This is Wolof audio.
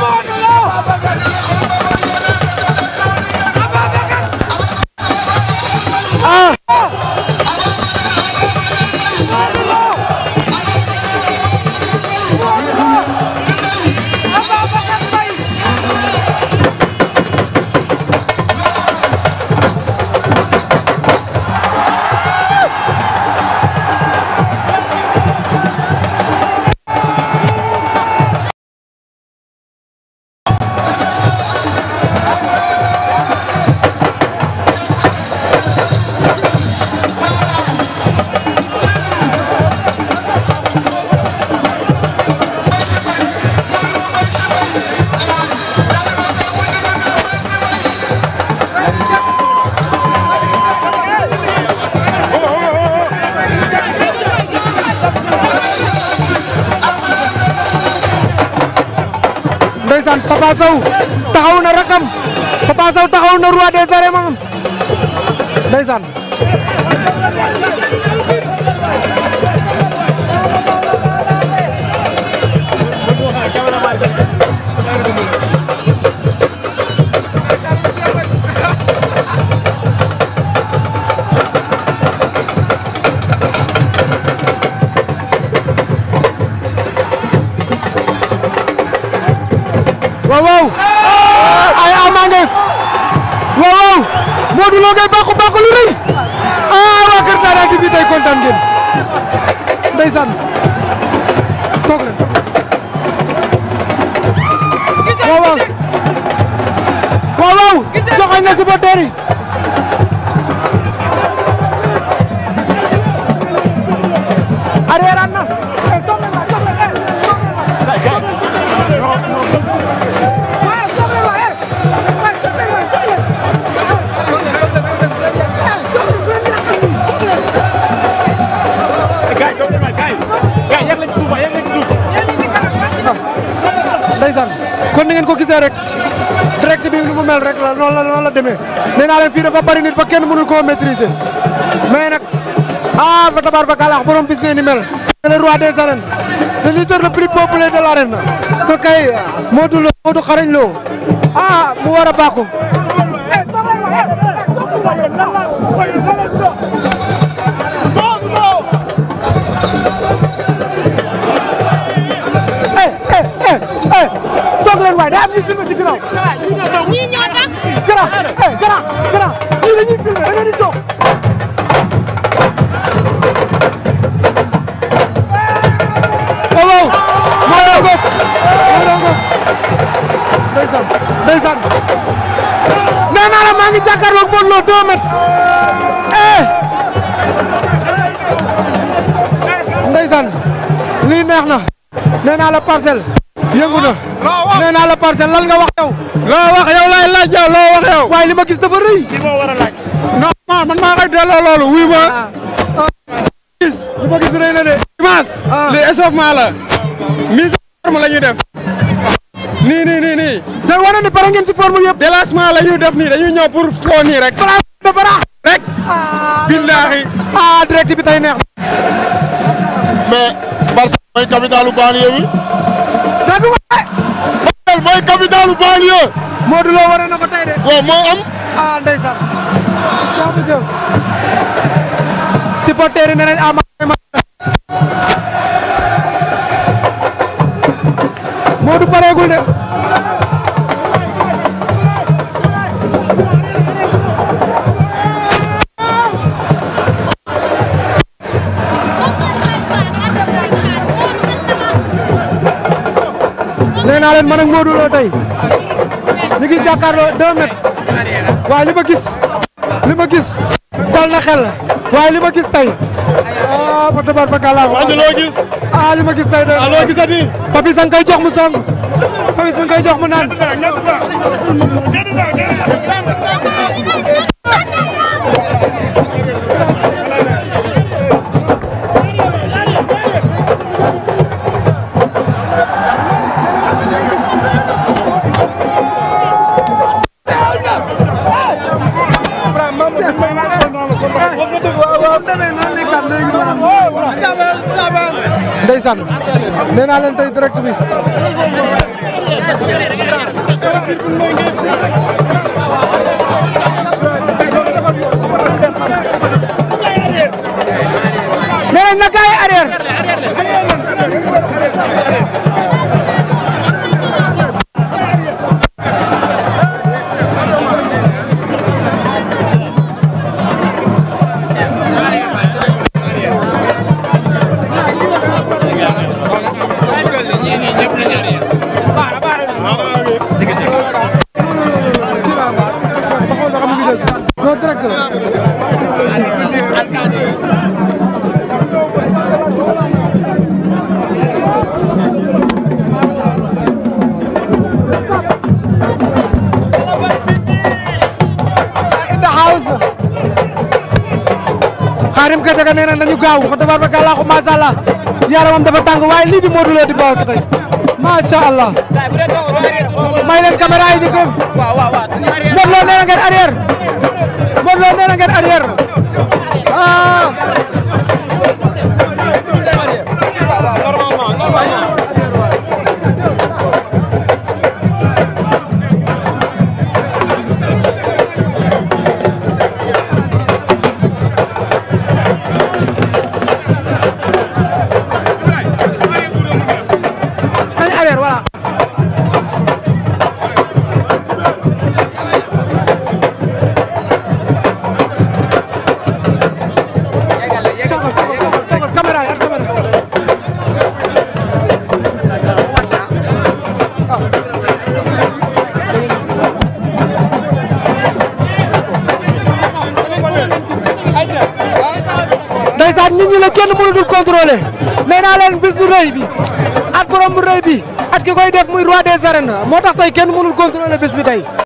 Come on! ndeysaan Papa Sow taxaw na rakam Papa Sow taxaw na roi des ay ama ngay waaw waaw Modou Lo ngay bàqu bàqu lu rëy ah waa Kër Daara gi bi tey kontaan ngeen ndeysaan toog leen waaw waaw waaw waaw joxe nga si ba ndeysaan kon ni ngeen ko gisee rek direct bi lu mu mel rek la noonu la noonu la demee nee naa leen fii dafa ba kenn mënu koo maîtriser mais nag ah ba tabaar ba kalaax borom bis ne ni mel le roi des arènes le lutteur le plus a de l'arène ko kay Modou Lo Modou xarañ Lo ah mu war a daa am ñuy filmé ci ginnaaw. ñii ñoo tax. grand eh grand grand ñii dañuy filmé da nga di toog. Eh, waaw waaw. moo doon góob moo doon góob. ndeysaan ndeysaan. nee naa la maa ngi jàkkaarloog Modou Lo 2 mètres. eh. ndeysaan lii neex na. nee naa la parcelle. yëngu na. nee naa la parcelle lan nga wax yow. loo wax yow laay laaj yow loo wax yow. waaye li ma gis dafa rëy. li ma war a laaj. man maa koy delloo loolu wuy ma. Ah. gis li ma gis rëy na de. dimanche. Ah. li échauffement la. mise en forme la ñuy def. nii day wane ne pare ngeen si forme yëpp. délassement la ñuy def nii dañuy ñëw pour foo nii rek. rek. Ah. billaahi. ah direct neex mais Barça mooy capitalu banlieue bi. Modou Lo waree na ko tey de. waaw moo am. ah ndeysaan. waaw bu jëm. supporters yi nee nañ naa leen man ak ñu ngi jàkkaarloo 2 mètres waaye li ma gis li ma gis dal na xel waaye li ma gis tey ah ba tabar ba kàllaaw. waaw loo gis. ah li ma gis tey de. ah loo gisati. Papis a ngi koy jox mu song Papis mi ngi koy jox mu naan. ndeysaan nee naa leen tey direct bi Khadim Keita ka nee na nañu gaaw wax dëgg fa kàllaaxu macha allah yaramam dafa tàng waaye lii di Modou Lo di baax tey macha allah. may leen caméra ngeen arrière Modou Lo ngeen arrière ah. at nit ñi la kenn mënu dul contrôler nee naa leen bis bu bi at borom bu rëy bi at ki koy def muy roi des arènes moo tax tey kenn mënul contrôler bis bi tey